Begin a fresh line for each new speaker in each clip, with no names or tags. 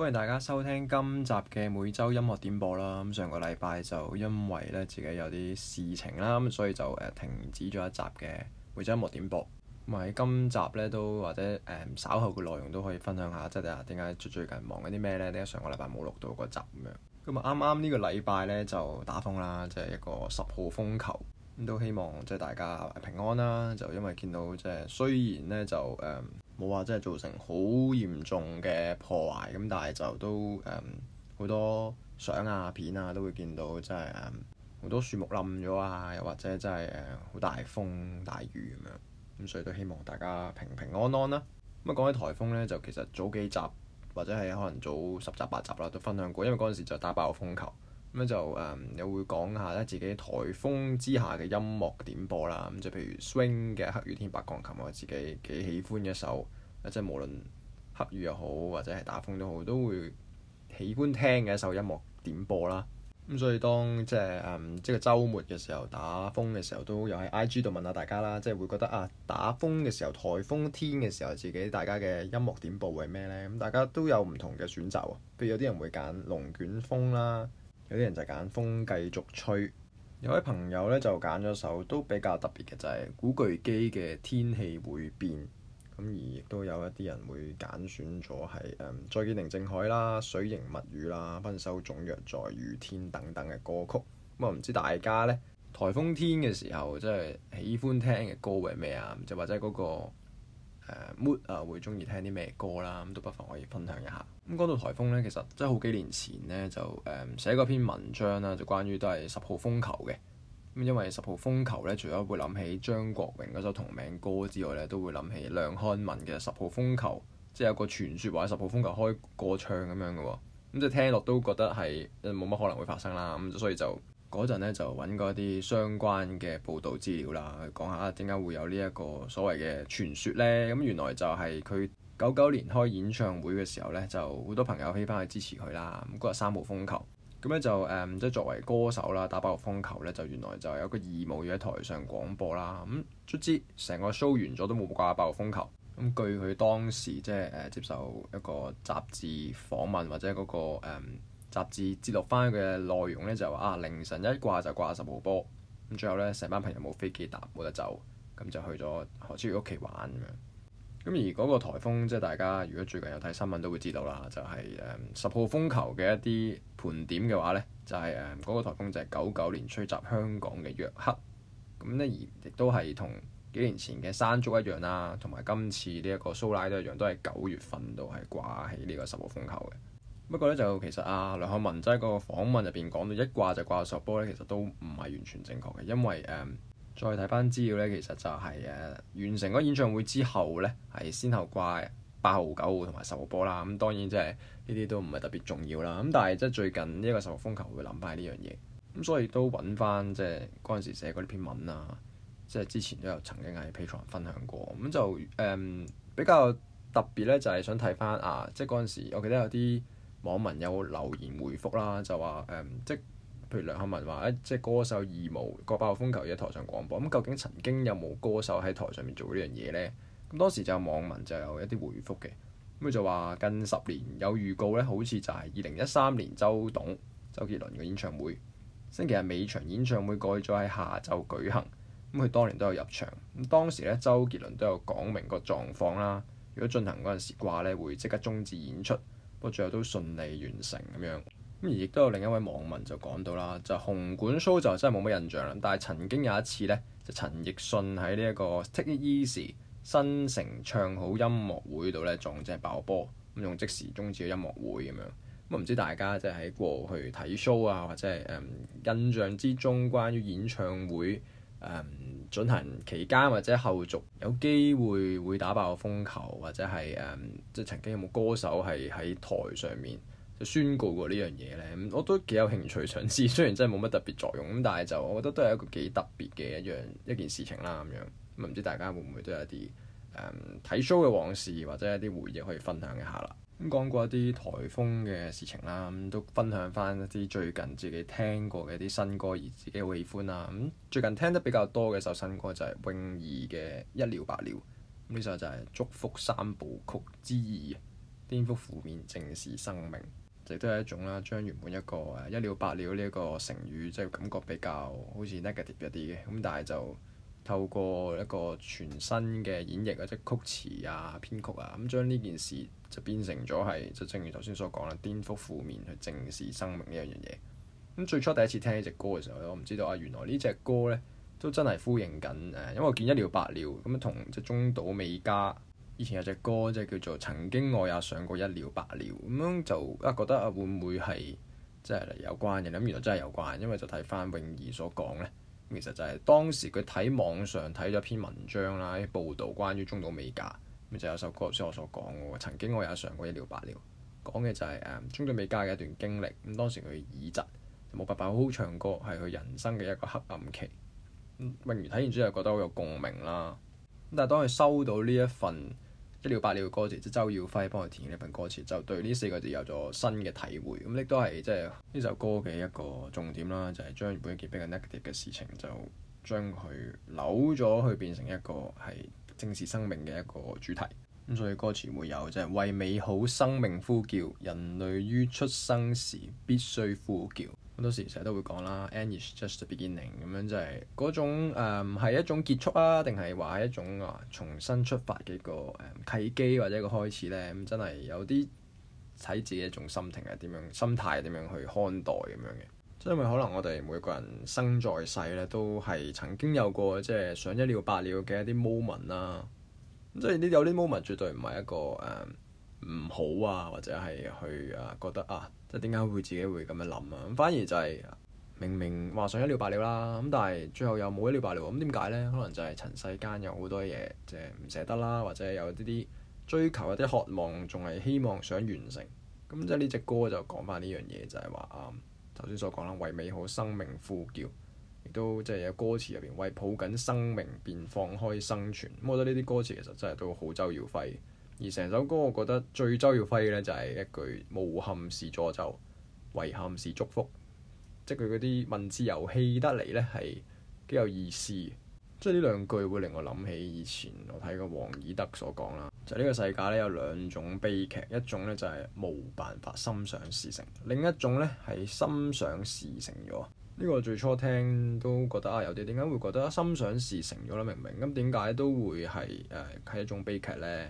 歡迎大家收聽今集嘅每周音樂點播啦！咁上個禮拜就因為咧自己有啲事情啦，咁所以就誒停止咗一集嘅每周音樂點播。咁喺今集咧都或者誒、嗯、稍後嘅內容都可以分享下，即係點解最近忙緊啲咩咧？點解上個禮拜冇錄到嗰集咁樣。咁啊啱啱呢個禮拜咧就打風啦，即係一個十號風球。咁都希望即係大家平安啦。就因為見到即係雖然咧就誒。嗯冇話真係造成好嚴重嘅破壞，咁但係就都誒好、嗯、多相啊片啊，片啊都會見到，真係誒好多樹木冧咗啊，又或者真係誒好大風大雨咁樣，咁所以都希望大家平平安安啦。咁啊講起颱風呢，就其實早幾集或者係可能早十集八集啦，都分享過，因為嗰陣時就打爆個風球。咁就誒，又、嗯、會講下咧自己颱風之下嘅音樂點播啦。咁就譬如 swing 嘅《黑雨天白鋼琴》，我自己幾喜歡一首，即係無論黑雨又好或者係打風都好，都會喜歡聽嘅一首音樂點播啦。咁所以當即係誒，即係週、嗯、末嘅時候打風嘅時候，都有喺 IG 度問下大家啦。即係會覺得啊，打風嘅時候、颱風天嘅時候，自己大家嘅音樂點播係咩呢？咁大家都有唔同嘅選擇，譬如有啲人會揀龍捲風啦。有啲人就揀風繼續吹，有位朋友咧就揀咗首都比較特別嘅，就係古巨基嘅《天氣會變》，咁而亦都有一啲人會揀選咗係《再見寧靜海》啦、《水形物語》啦、《分手總約在雨天》等等嘅歌曲。咁啊，唔知大家呢，颱風天嘅時候，即係喜歡聽嘅歌係咩啊？就或者嗰個。m o 啊，會中意聽啲咩歌啦？咁都不妨可以分享一下。咁講到颱風咧，其實真係好幾年前呢，就誒寫過篇文章啦，就關於都係十號風球嘅咁。因為十號風球呢，除咗會諗起張國榮嗰首同名歌之外呢，都會諗起梁漢文嘅十號風球，即係有個傳説話十號風球開個唱咁樣嘅喎。咁即係聽落都覺得係冇乜可能會發生啦。咁所以就。嗰陣咧就揾過一啲相關嘅報道資料啦，講下點解會有呢一個所謂嘅傳說呢。咁、嗯、原來就係佢九九年開演唱會嘅時候呢，就好多朋友飛返去支持佢啦。咁嗰日三號風球，咁咧就誒、嗯，即係作為歌手啦，打八號風球呢，就原來就有一個義務要喺台上廣播啦。咁、嗯、卒之成個 show 完咗都冇掛八號風球。咁、嗯、據佢當時即係誒、嗯、接受一個雜誌訪問或者嗰、那個、嗯雜誌節錄翻嘅內容呢，就話啊凌晨一掛就掛十號波，咁最後呢，成班朋友冇飛機搭冇得走，咁就去咗何海珠屋企玩咁樣。咁而嗰個颱風即係大家如果最近有睇新聞都會知道啦，就係誒十號風球嘅一啲盤點嘅話呢，就係誒嗰個颱風就係九九年吹襲香港嘅約克，咁呢，而亦都係同幾年前嘅山竹一樣啦，同埋今次呢一個蘇拉都一樣，都係九月份度係掛起呢個十號風球嘅。不過咧，就其實啊，梁漢文即係個訪問入邊講到一掛就掛十波咧，其實都唔係完全正確嘅。因為誒、嗯，再睇翻資料咧，其實就係、是、誒、啊、完成嗰演唱會之後咧，係先後掛八號、九號同埋十號波啦。咁、嗯、當然即係呢啲都唔係特別重要啦。咁但係即係最近呢一個十號風球會諗翻呢樣嘢，咁、嗯、所以都揾翻即係嗰陣時寫嗰篇文啊，即係之前都有曾經係 Patreon 分享過咁就誒、嗯、比較特別咧，就係、是、想睇翻啊，即係嗰陣時我記得有啲。網民有留言回覆啦，就話誒、嗯，即譬如梁漢文話、啊、即係歌手義務個爆風球嘅台上廣播，咁、嗯、究竟曾經有冇歌手喺台上面做呢樣嘢呢？咁、嗯、當時就有網民就有一啲回覆嘅，咁、嗯、佢就話近十年有預告咧，好似就係二零一三年周董、周杰倫嘅演唱會，星期日尾場演唱會改咗喺下晝舉行，咁佢當年都有入場，咁、嗯、當時咧周杰倫都有講明個狀況啦，如果進行嗰陣時掛咧，會即刻中止演出。不過最後都順利完成咁樣，咁而亦都有另一位網民就講到啦，就紅館 show 就真係冇乜印象啦，但係曾經有一次呢，就陳奕迅喺呢一個 Take It Easy 新城唱好音樂會度呢，撞正爆波，咁仲即時中止嘅音樂會咁樣。咁唔知大家即係喺過去睇 show 啊，或者係、嗯、印象之中關於演唱會？誒、um, 進行期間或者後續有機會會打爆個風球，或者係誒即係曾經有冇歌手係喺台上面就宣告過呢樣嘢呢？我都幾有興趣嘗試，雖然真係冇乜特別作用咁，但係就我覺得都係一個幾特別嘅一樣一件事情啦咁樣。唔知大家會唔會都有啲睇、um, show 嘅往事或者一啲回憶可以分享一下啦。咁講過一啲颱風嘅事情啦，咁都分享返一啲最近自己聽過嘅一啲新歌而自己好喜歡啦。咁最近聽得比較多嘅一首新歌就係泳兒嘅《一了百了》。咁呢首就係祝福三部曲之二，顛覆負面正視生命，亦都係一種啦。將原本一個誒一了百了呢一個成語，即係感覺比較好似 negative 一啲嘅。咁但係就～透過一個全新嘅演繹啊，即曲詞啊、編曲啊，咁將呢件事就變成咗係，就正如頭先所講啦，顛覆負面去正視生命呢樣嘢。咁最初第一次聽呢隻歌嘅時候咧，我唔知道啊，原來呢隻歌咧都真係呼應緊誒、啊，因為我見一了百了咁同即中島美嘉以前有隻歌即叫做曾經我也想過一了百了，咁、嗯、樣就啊覺得啊會唔會係即係嚟有關嘅，咁原來真係有關，因為就睇返泳兒所講咧。其實就係當時佢睇網上睇咗篇文章啦，報道關於中島美嘉，咁就有首歌先我所講喎。曾經我也想過一了百了，講嘅就係誒中島美嘉嘅一段經歷。咁當時佢耳疾，冇辦法好好唱歌，係佢人生嘅一個黑暗期。泳兒睇完之後覺得好有共鳴啦。但係當佢收到呢一份一了百了嘅歌詞，即周耀輝幫佢填嘅一份歌詞，就對呢四個字有咗新嘅體會。咁亦都係即係呢首歌嘅一個重點啦，就係、是、將原本一件比較 negative 嘅事情，就將佢扭咗，去變成一個係正視生命嘅一個主題。咁所以歌詞會有就係、是、為美好生命呼叫，人類於出生時必須呼叫。好多時成日都會講啦 And it's just the beginning 咁樣、就係，即係嗰種誒係、嗯、一種結束啊，定係話係一種啊重新出發嘅一個誒、嗯、契機或者一個開始咧。咁真係有啲睇自己一種心情係點樣，心態點樣去看待咁樣嘅。因為可能我哋每個人生在世咧，都係曾經有過即係想一了百了嘅一啲 moment 啦、啊。即係呢有啲 moment 絕對唔係一個誒唔、嗯、好啊，或者係去啊覺得啊。即係點解會自己會咁樣諗啊？咁反而就係明明話想一了百了啦，咁但係最後又冇一了百了喎。咁點解呢？可能就係塵世間有好多嘢即係唔捨得啦，或者有啲啲追求有啲渴望，仲係希望想完成。咁即係呢隻歌就講翻呢樣嘢，就係話啊頭先所講啦，為美好生命呼叫，亦都即係有歌詞入邊為抱緊生命便放開生存。我覺得呢啲歌詞其實真係都好周耀輝。而成首歌，我覺得最周耀輝咧就係一句無憾是咒詛，遺憾是祝福，即係佢嗰啲文字遊戲得嚟咧，係幾有意思。即係呢兩句會令我諗起以前我睇過王爾德所講啦，就呢個世界咧有兩種悲劇，一種咧就係冇辦法心想事成，另一種咧係心想事成咗。呢個最初聽都覺得啊，有啲點解會覺得心想事成咗啦，明唔明咁點解都會係誒係一種悲劇呢？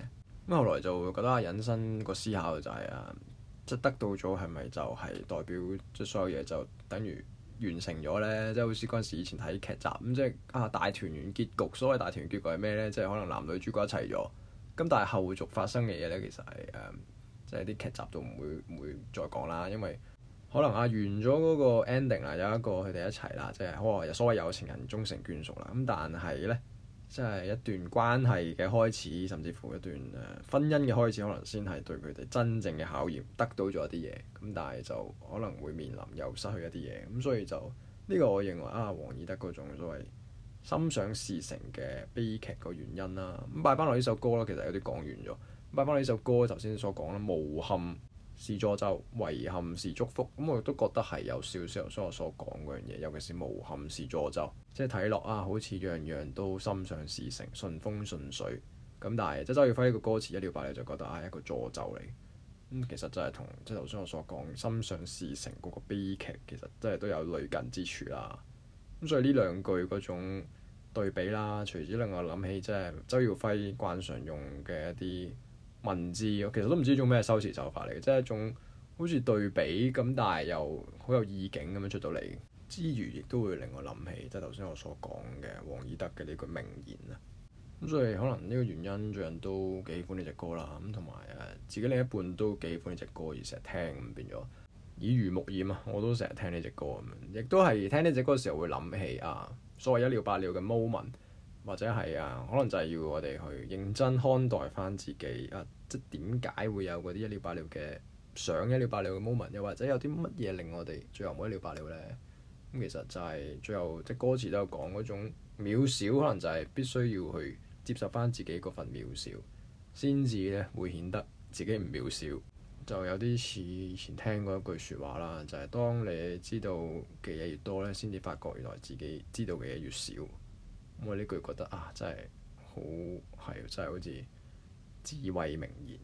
咁後來就會覺得阿引申個思考就係、是、啊，即、就是、得到咗係咪就係代表即、就是、所有嘢就等於完成咗咧？即、就、係、是、好似嗰陣時以前睇劇集咁，即係、就是、啊大團圓結局。所謂大團圓結局係咩咧？即、就、係、是、可能男女主角一齊咗。咁但係後續發生嘅嘢咧，其實係誒，即係啲劇集都唔會唔會再講啦，因為可能啊完咗嗰個 ending 啦，有一個佢哋一齊啦，即係可能所謂有情人終成眷屬啦。咁但係咧。即係一段關係嘅開始，甚至乎一段誒婚姻嘅開始，可能先係對佢哋真正嘅考驗，得到咗一啲嘢，咁但係就可能會面臨又失去一啲嘢，咁所以就呢、這個我認為啊，黃義德嗰種所謂心想事成嘅悲劇個原因啦，咁拜翻落呢首歌啦，其實有啲講完咗，拜翻落呢首歌頭先所講啦，無憾。是咒詛，遺憾是祝福，咁、嗯、我都覺得係有少少頭先我所講嗰樣嘢，尤其是無憾是咒詛，即係睇落啊，好似樣樣都心想事成，順風順水，咁但係即係周耀輝呢個歌詞一了百了，就覺得啊一個咒詛嚟，咁、嗯、其實真係同即係頭先我所講心想事成嗰個悲劇，其實真係都有類近之處啦。咁所以呢兩句嗰種對比啦，除此之外，令我諗起即係周耀輝慣常用嘅一啲。文字其實都唔知呢種咩修辭手法嚟嘅，即係一種好似對比咁，但係又好有意境咁樣出到嚟之餘，亦都會令我諗起即係頭先我所講嘅王爾德嘅呢句名言啊。咁所以可能呢個原因最近都幾喜歡呢隻歌啦，咁同埋誒自己另一半都幾喜歡呢隻歌而成日聽，咁變咗耳濡目染啊！我都成日聽呢隻歌咁，亦都係聽呢隻歌嘅時候會諗起啊所謂一了百了嘅 moment。或者係啊，可能就係要我哋去認真看待翻自己啊，即係點解會有嗰啲一了百了嘅想一了百了嘅 moment，又或者有啲乜嘢令我哋最後冇一了百了呢？咁、嗯、其實就係最後即歌詞都有講嗰種渺小，可能就係必須要去接受翻自己嗰份渺小，先至咧會顯得自己唔渺小。就有啲似以前聽過一句説話啦，就係、是、當你知道嘅嘢越多咧，先至發覺原來自己知道嘅嘢越少。咁我呢句覺得啊，真係好係真係好似智慧名言，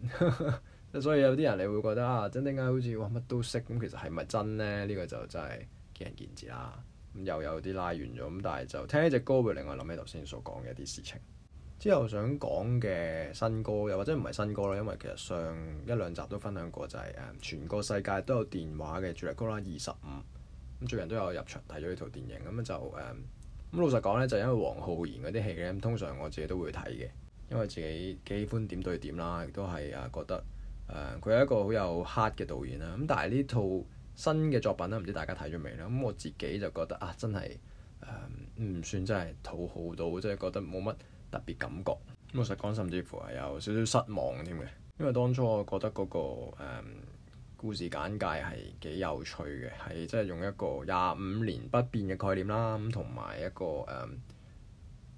所以有啲人你會覺得啊，真定假好似哇乜都識，咁其實係咪真呢？呢、呢個就真係見仁見智啦。咁又有啲拉遠咗，咁但係就聽一隻歌會令我諗起頭先所講嘅一啲事情。之後想講嘅新歌，又或者唔係新歌啦，因為其實上一兩集都分享過、就是，就係誒全個世界都有電話嘅主力歌啦，二十五。咁最近都有入場睇咗呢套電影，咁就誒。嗯咁老實講呢，就是、因為黃浩然嗰啲戲呢，通常我自己都會睇嘅，因為自己幾喜歡點對點啦，亦都係啊覺得誒，佢、呃、係一個好有 heart 嘅導演啦。咁但係呢套新嘅作品呢，唔知大家睇咗未咧？咁我自己就覺得啊，真係唔、呃、算真係討好到，即、就、係、是、覺得冇乜特別感覺。咁老實講，甚至乎係有少少失望添嘅，因為當初我覺得嗰、那個誒。呃故事簡介係幾有趣嘅，係真係用一個廿五年不變嘅概念啦。咁同埋一個誒、嗯、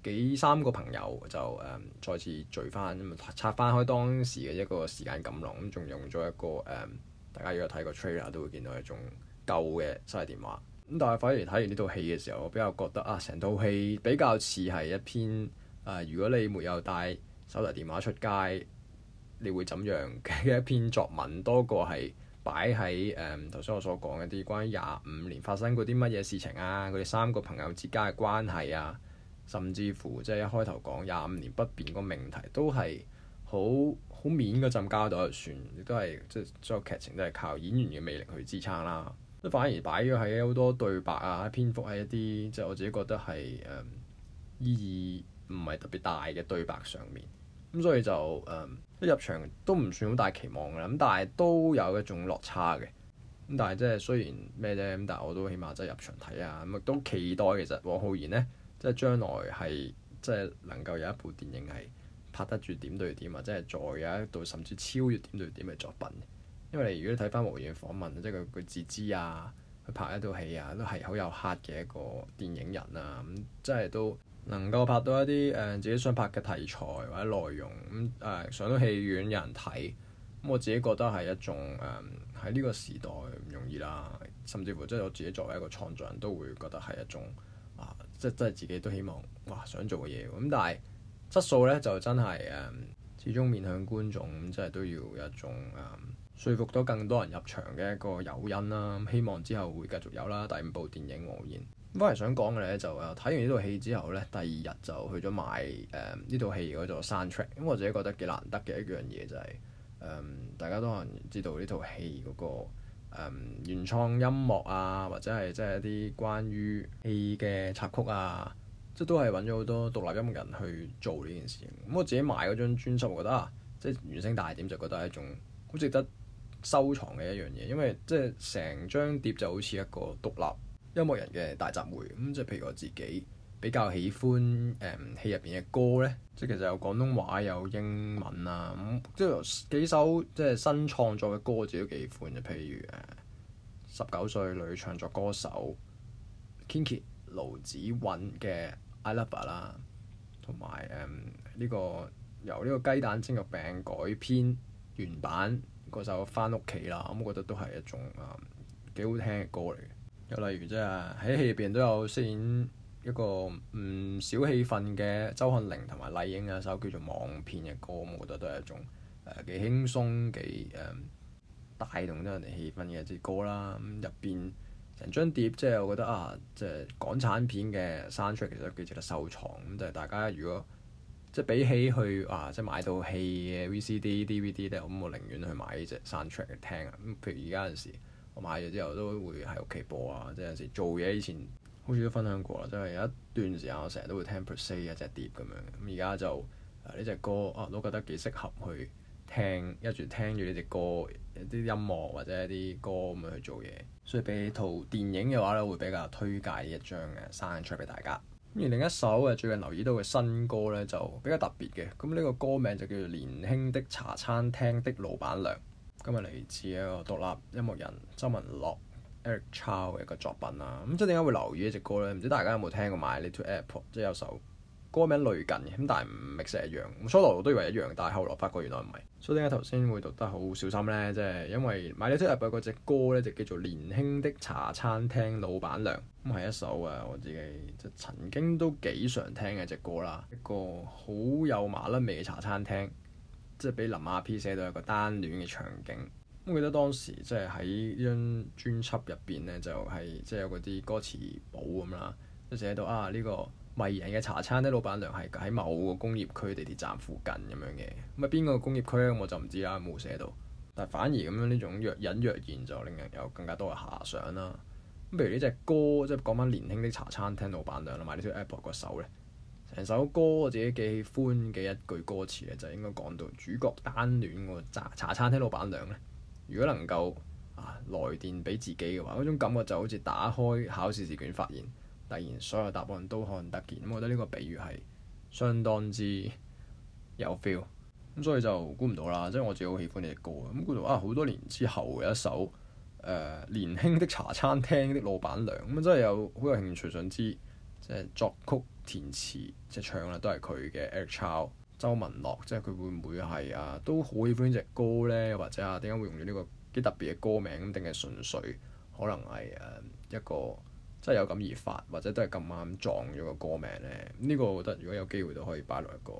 幾三個朋友就誒、嗯、再次聚翻，咁拆翻開當時嘅一個時間感咯。咁、嗯、仲用咗一個誒、嗯，大家如果睇過 trailer 都會見到一種舊嘅手提電話。咁但係反而睇完呢套戲嘅時候，我比較覺得啊，成套戲比較似係一篇誒、啊，如果你沒有帶手提電話出街，你會怎樣嘅一篇作文多過係。擺喺誒頭先我所講嗰啲關於廿五年發生過啲乜嘢事情啊，佢哋三個朋友之間嘅關係啊，甚至乎即係一開頭講廿五年不變個命題，都係好好面嘅浸交代就算，亦都係即係所有劇情都係靠演員嘅魅力去支撐啦。都反而擺咗喺好多對白啊，篇幅喺一啲即係我自己覺得係誒、嗯、意義唔係特別大嘅對白上面，咁所以就誒。嗯一入場都唔算好大期望嘅，咁但係都有一種落差嘅。咁但係即係雖然咩啫，咁但係我都起碼即係入場睇啊，咁亦都期待其實黃浩然呢，即係將來係即係能夠有一部電影係拍得住點對點，或者係再有一度甚至超越點對點嘅作品。因為你如果你睇翻無綫訪問，即係佢佢自知啊，佢拍一套戲啊，都係好有 heart 嘅一個電影人啊，咁即係都。能夠拍到一啲誒、嗯、自己想拍嘅題材或者內容咁，誒、嗯、上到戲院有人睇，咁、嗯、我自己覺得係一種誒喺呢個時代唔容易啦，甚至乎即係我自己作為一個創作人都會覺得係一種啊，即係真係自己都希望哇想做嘅嘢咁，但係質素咧就真係誒、嗯、始終面向觀眾咁、嗯，即係都要一種説、嗯、服到更多人入場嘅一個誘因啦。希望之後會繼續有啦，第五部電影王無言。本嚟想講嘅咧，就誒睇完呢套戲之後咧，第二日就去咗買誒呢套戲嗰 soundtrack 咁我自己覺得幾難得嘅一樣嘢就係、是、誒、嗯、大家都可能知道呢套戲嗰個、嗯、原創音樂啊，或者係即係一啲關於戲嘅插曲啊，即係都係揾咗好多獨立音樂人去做呢件事。咁、嗯、我自己買嗰張專輯，我覺得啊，即係原聲大碟就覺得係一種好值得收藏嘅一樣嘢，因為即係成張碟就好似一個獨立音樂人嘅大集會咁、嗯，即係譬如我自己比較喜歡誒、嗯、戲入邊嘅歌咧，即係其實有廣東話有英文啊，咁、嗯、即係幾首即係新創作嘅歌，我自己都幾喜歡嘅，譬如誒十九歲女唱作歌手 Kiki 盧子韻嘅 I Love You 啦，同埋誒呢個由呢個雞蛋蒸肉餅改編原版嗰首返屋企啦，咁、嗯、我覺得都係一種啊幾、嗯、好聽嘅歌嚟嘅。又例如即係喺戲入邊都有飾演一個唔少氣氛嘅周漢玲同埋麗影嘅一首叫做《望片》嘅歌，我覺得都係一種誒、呃、幾輕鬆幾誒帶、呃、動咗人哋氣氛嘅一支歌啦。咁入邊成張碟即係我覺得啊，即、就、係、是、港產片嘅刪 track 其實幾值得收藏。咁、嗯、就係、是、大家如果即係比起去啊即係買套戲嘅 VCD、DVD 咧，咁我寧願去買呢隻刪 t r a c 聽啊、嗯。譬如而家有時。買咗之後都會喺屋企播啊！即係有時做嘢以前好似都分享過啦，即、就、係、是、有一段時間我成日都會聽 Percent 一隻碟咁樣。咁而家就呢隻、呃、歌啊，都覺得幾適合去聽，一住聽住呢隻歌一啲音樂或者一啲歌咁樣去做嘢。所以俾套電影嘅話咧，會比較推介一張嘅 soundtrack 俾大家。咁而另一首啊，最近留意到嘅新歌咧就比較特別嘅。咁呢個歌名就叫做《年輕的茶餐廳的老闆娘》。今日嚟自一個獨立音樂人鄒旻諾 Eric Chow 嘅一個作品啦，咁、嗯、即係點解會留意呢隻歌呢？唔知大家有冇聽過《My Little Airport》，即係有首歌名類近嘅，咁但係唔 exactly 一樣。初頭我都以為一樣，但係後來發覺原來唔係。所以點解頭先會讀得好小心呢？即係因為《My Little Airport》嗰隻歌呢，就叫做《年輕的茶餐廳老闆娘》。咁、嗯、係一首啊，我自己即曾經都幾常聽嘅隻歌啦，一個好有麻甩味嘅茶餐廳。即係俾林阿 P 寫到一個單戀嘅場景，咁記得當時即係喺呢張專輯入邊咧，就係即係有嗰啲歌詞簿咁啦，都寫到啊呢個迷人嘅茶餐廳老闆娘係喺某個工業區地鐵站附近咁樣嘅，咁啊邊個工業區咧？我就唔知啦，冇寫到。但係反而咁樣呢種若隱若現，就令人有更加多嘅遐想啦。咁譬如呢隻歌，即係講翻年輕啲茶餐廳老闆娘同埋呢隻 Apple 個手咧。成首歌我自己幾喜歡嘅一句歌詞咧，就應該講到主角單戀個茶茶餐廳老闆娘咧。如果能夠啊來電俾自己嘅話，嗰種感覺就好似打開考試試卷，發現突然所有答案都可能得見。咁我覺得呢個比喻係相當之有 feel。咁所以就估唔到啦，即係我自己好喜歡呢首歌，咁估到啊，好多年之後嘅一首誒年輕的茶餐廳啲老闆娘咁，真係有好有興趣想知即係作曲。填詞即係唱啦，都係佢嘅 Eric Chow、周文樂，即係佢會唔會係啊？都好喜歡呢隻歌呢？或者啊，點解會用咗呢個幾特別嘅歌名？定係純粹可能係誒、啊、一個即係有感而發，或者都係咁啱撞咗個歌名呢？呢、這個我覺得如果有機會都可以擺落一個誒、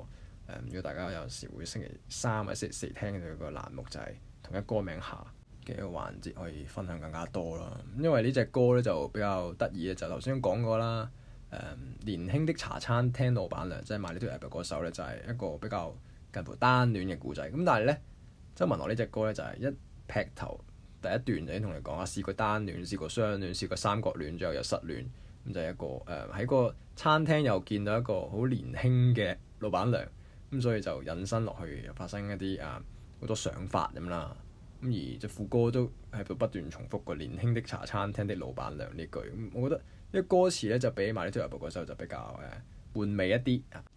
嗯，如果大家有時會星期三或者星期四聽嘅一個欄目，就係、是、同一歌名下嘅一個環節，可以分享更加多啦。因為呢隻歌呢，就比較得意嘅，就頭先講過啦。嗯、年輕的茶餐廳老闆娘，即係賣呢堆 r p 歌首呢，就係、是、一個比較近乎單戀嘅故仔。咁但係呢，鄒旻諾呢隻歌呢，就係、是、一劈頭第一段就已經同你講啊，試過單戀，試過雙戀，試過三角戀，最後又失戀。咁、嗯、就係、是、一個誒喺、嗯、個餐廳又見到一個好年輕嘅老闆娘，咁、嗯、所以就引申落去，又發生一啲啊好多想法咁啦。咁、嗯、而即副歌都喺度不斷重複個年輕的茶餐廳的老闆娘呢句、嗯，我覺得。啲歌詞咧就比起埋呢張日報嗰首就比較誒換味一啲，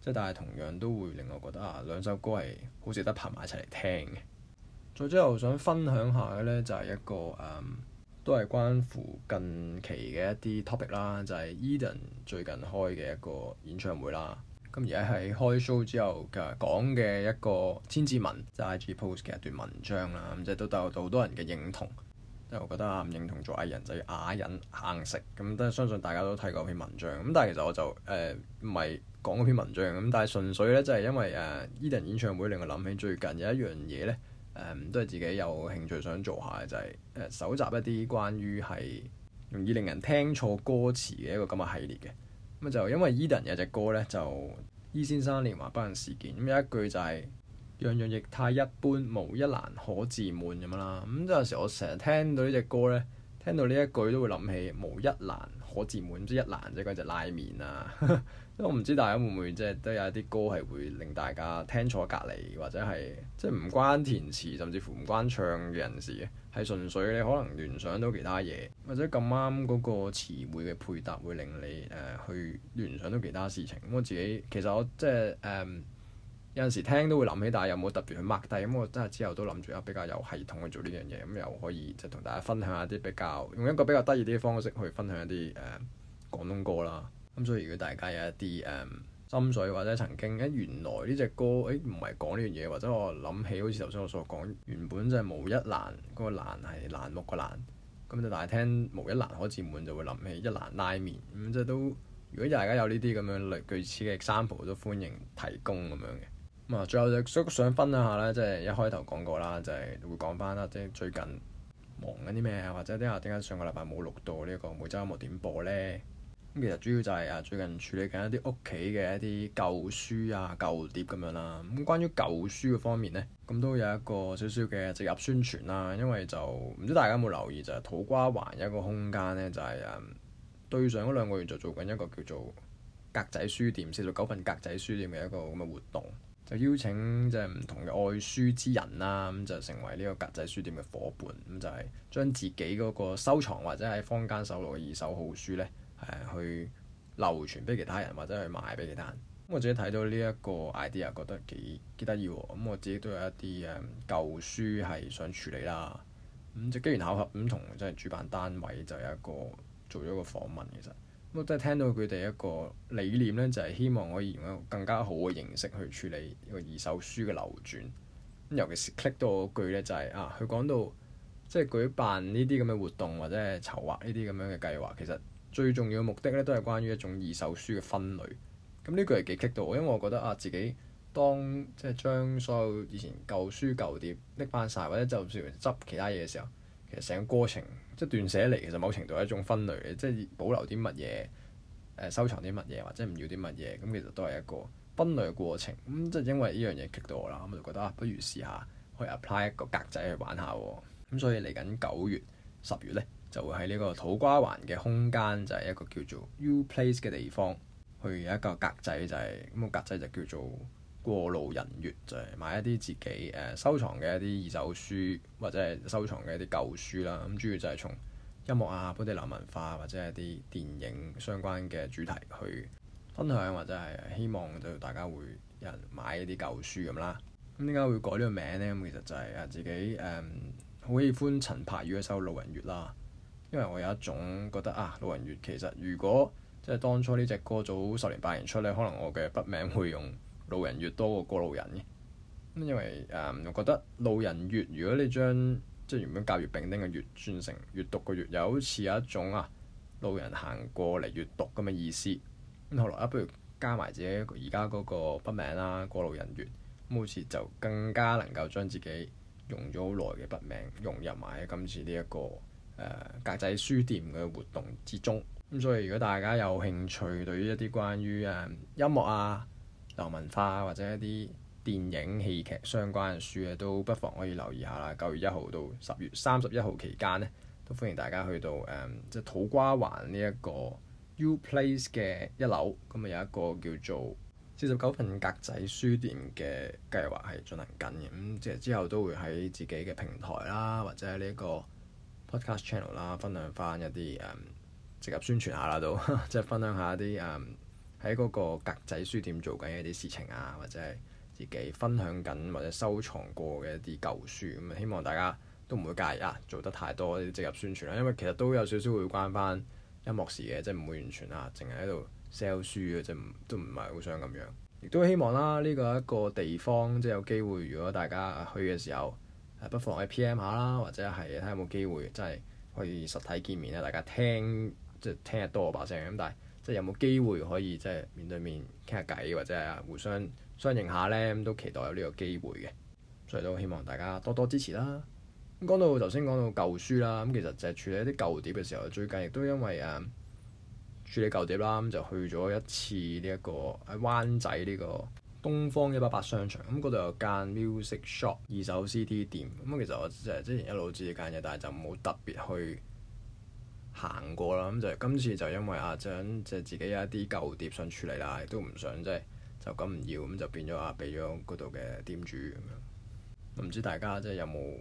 即係但係同樣都會令我覺得啊兩首歌係好值得拍埋一齊嚟聽嘅。再之後想分享下嘅呢，就係、是、一個誒、嗯、都係關乎近期嘅一啲 topic 啦，就係 Eden 最近開嘅一個演唱會啦。咁而家喺開 show 之後嘅講嘅一個千字文，即、就、係、是、IG post 嘅一段文章啦，咁即係都得到好多人嘅認同。我覺得阿唔認同做藝人就要、是、啞忍硬食，咁都相信大家都睇過篇文章，咁但係其實我就誒唔係講篇文章，咁但係純粹咧就係、是、因為誒、e、Edan 演唱會令我諗起最近有一樣嘢咧誒都係自己有興趣想做下就係誒蒐集一啲關於係容易令人聽錯歌詞嘅一個咁嘅系列嘅，咁就因為 Edan 有隻歌咧就《E 先生連環不幸事件》，咁有一句就係、是。樣樣亦太一般，無一蘭可自滿咁樣啦。咁有陣時我成日聽到呢隻歌呢，聽到呢一句都會諗起無一蘭可自滿，唔一蘭即嗰隻拉麵啊。我唔知大家會唔會即係都有一啲歌係會令大家聽錯隔離或者係即係唔關填詞，甚至乎唔關唱嘅人士嘅，係純粹你可能聯想到其他嘢，或者咁啱嗰個詞彙嘅配搭會令你誒、呃、去聯想到其他事情。咁我自己其實我即係誒。呃有陣時聽都會諗起有有，但係有冇特別去 mark 低咁？我真係之後都諗住啊，比較有系統去做呢樣嘢，咁又可以就同大家分享一啲比較用一個比較得意啲嘅方式去分享一啲誒、呃、廣東歌啦。咁所以如果大家有一啲誒、呃、心水或者曾經誒，原來呢隻歌誒唔係講呢樣嘢，或者我諗起好似頭先我所講，原本真係無一難嗰、那個難係難木個難咁，就但係聽無一蘭可自滿就會諗起一蘭拉麵。咁，即係都如果大家有呢啲咁樣類類似嘅 example 都歡迎提供咁樣嘅。咁啊，最後想分享下咧，即係一開頭講過啦，就係會講翻啦。即係最近忙緊啲咩啊？或者啲下，點解上個禮拜冇錄到呢個每周音樂點播呢？咁其實主要就係啊，最近處理緊一啲屋企嘅一啲舊書啊、舊碟咁樣啦。咁關於舊書嘅方面呢，咁都有一個少少嘅植入宣傳啦。因為就唔知大家有冇留意，就係土瓜灣一個空間呢，就係啊對上嗰兩個月就做緊一個叫做格仔書店，四十九份格仔書店嘅一個咁嘅活動。就邀請即係唔同嘅愛書之人啦、啊，咁就成為呢個格仔書店嘅伙伴，咁就係將自己嗰個收藏或者喺坊間搜羅嘅二手好書咧，誒去流傳俾其他人或者去賣俾其他人。咁我自己睇到呢一個 idea 覺得幾幾得意喎，咁我自己都有一啲誒、嗯、舊書係想處理啦。咁就機緣巧合咁同即係主辦單位就有一個做咗個訪問其實。我都係聽到佢哋一個理念咧，就係希望可以用一個更加好嘅形式去處理個二手書嘅流轉。尤其是 click 到嗰句咧，就係啊，佢講到即係舉辦呢啲咁嘅活動或者係籌劃呢啲咁樣嘅計劃，其實最重要嘅目的咧，都係關於一種二手書嘅分類。咁呢句係幾 click 到，因為我覺得啊，自己當即係將所有以前舊書舊碟拎翻晒，或者就算執其他嘢嘅時候。其實成個過程即係斷捨離，其實某程度係一種分類嘅，即係保留啲乜嘢，誒、收藏啲乜嘢，或者唔要啲乜嘢，咁其實都係一個分類嘅過程。咁即係因為呢樣嘢激到我啦，咁就覺得不如試下去 apply 一個格仔去玩下。咁所以嚟緊九月十月咧，就會喺呢個土瓜灣嘅空間就係、是、一個叫做 U Place 嘅地方去有一個格仔就係、是、咁，個、格仔就叫做。過路人月就係、是、買一啲自己誒、呃、收藏嘅一啲二手書，或者係收藏嘅一啲舊書啦。咁主要就係從音樂啊、本地流行文化、啊、或者係一啲電影相關嘅主題去分享，或者係希望就大家會有人買一啲舊書咁啦。咁點解會改呢個名呢？咁其實就係啊自己誒好、嗯、喜歡陳柏宇嘅一首《路人月》啦，因為我有一種覺得啊，《路人月》其實如果即係、就是、當初呢隻歌早十年八年出呢，可能我嘅筆名會用。路人越多個過路人，因為誒、嗯，我覺得路人閲」，如果你將即係原本教閲並丁嘅閲」轉成閲讀嘅閲」，又好似有一種啊，路人行過嚟閲讀咁嘅意思。咁、嗯、後來啊，不如加埋自己而家嗰個筆名啦，過路人閲」，咁好似就更加能夠將自己用咗好耐嘅筆名融入埋今次呢、這、一個誒、呃、格仔書店嘅活動之中。咁、嗯、所以如果大家有興趣，對於一啲關於誒、嗯、音樂啊～流文化或者一啲電影戲劇相關嘅書咧，都不妨可以留意下啦。九月一號到十月三十一號期間咧，都歡迎大家去到誒、嗯、即土瓜灣呢一個 U Place 嘅一樓，咁、嗯、啊有一個叫做四十九份格仔書店嘅計劃係進行緊嘅。咁、嗯、即之後都會喺自己嘅平台啦，或者係呢個 Podcast Channel 啦，分享翻一啲誒、嗯，即入宣傳下啦，都即分享一下啲誒。嗯喺嗰個格仔書店做緊一啲事情啊，或者係自己分享緊或者收藏過嘅一啲舊書咁啊，希望大家都唔會介意啊，做得太多啲置入宣傳啦，因為其實都有少少會關翻音樂事嘅，即係唔會完全啊，淨係喺度 sell 書嘅，即都唔係好想咁樣。亦都希望啦，呢、這個一個地方即係有機會，如果大家去嘅時候，不妨去 PM 下啦，或者係睇下有冇機會真係可以實體見面啊，大家聽即係聽得多把聲咁，但係。即係有冇機會可以即係面對面傾下偈，或者係互相相認下呢？咁都期待有呢個機會嘅。所以都希望大家多多支持啦。咁講到頭先講到舊書啦，咁其實就係處理一啲舊碟嘅時候，最近亦都因為誒、啊、處理舊碟啦，咁就去咗一次呢、這、一個喺灣仔呢個東方一八八商場，咁嗰度有間 music shop 二手 CD 店。咁其實我誒即係一路知呢間嘢，但係就冇特別去。行過啦，咁就今次就因為阿、啊、張就係自己有一啲舊碟想處理啦，亦都唔想即係就咁、是、唔要，咁就變咗啊，俾咗嗰度嘅店主咁樣。唔知大家即係有冇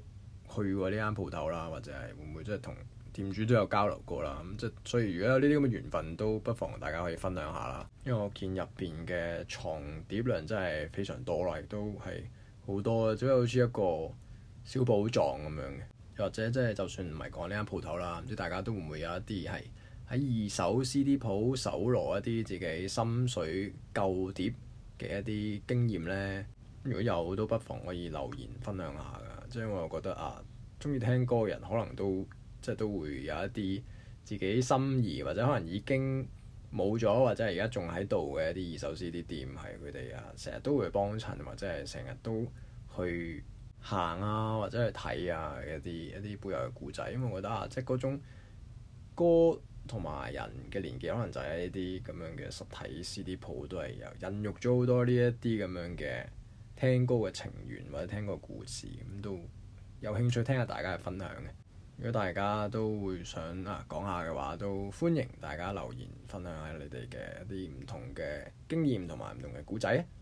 去過呢間鋪頭啦，或者係會唔會即係同店主都有交流過啦？咁即係所以，如果有呢啲咁嘅緣分，都不妨大家可以分享下啦。因為我見入邊嘅藏碟量真係非常多啦，亦都係好多，即係好似一個小寶藏咁樣嘅。或者即係就算唔係講呢間鋪頭啦，唔知大家都會唔會有一啲係喺二手 CD 鋪搜羅一啲自己心水舊碟嘅一啲經驗呢？如果有，都不妨可以留言分享下噶。即係因為我覺得啊，中意聽歌嘅人可能都即係都會有一啲自己心儀或者可能已經冇咗或者係而家仲喺度嘅一啲二手 CD 店係佢哋啊，成日都會幫襯或者係成日都去。行啊，或者係睇啊，一啲一啲背後嘅故仔，因為我覺得啊，即係嗰種歌同埋人嘅年紀，可能就喺呢啲咁樣嘅實體 CD 鋪都係有孕育咗好多呢一啲咁樣嘅聽歌嘅情緣或者聽個故事咁、嗯，都有興趣聽下大家嘅分享嘅。如果大家都會想啊講下嘅話，都歡迎大家留言分享下你哋嘅一啲唔同嘅經驗同埋唔同嘅故仔。啊。